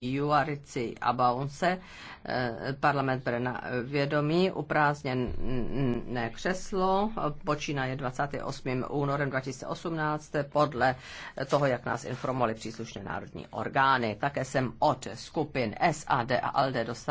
Juarici a Baunce eh, parlament bere na vědomí uprázněné křeslo, počínaje 28. únorem 2018 podle toho, jak nás informovali příslušné národní orgány. Také jsem od skupin SAD a ALDE dostal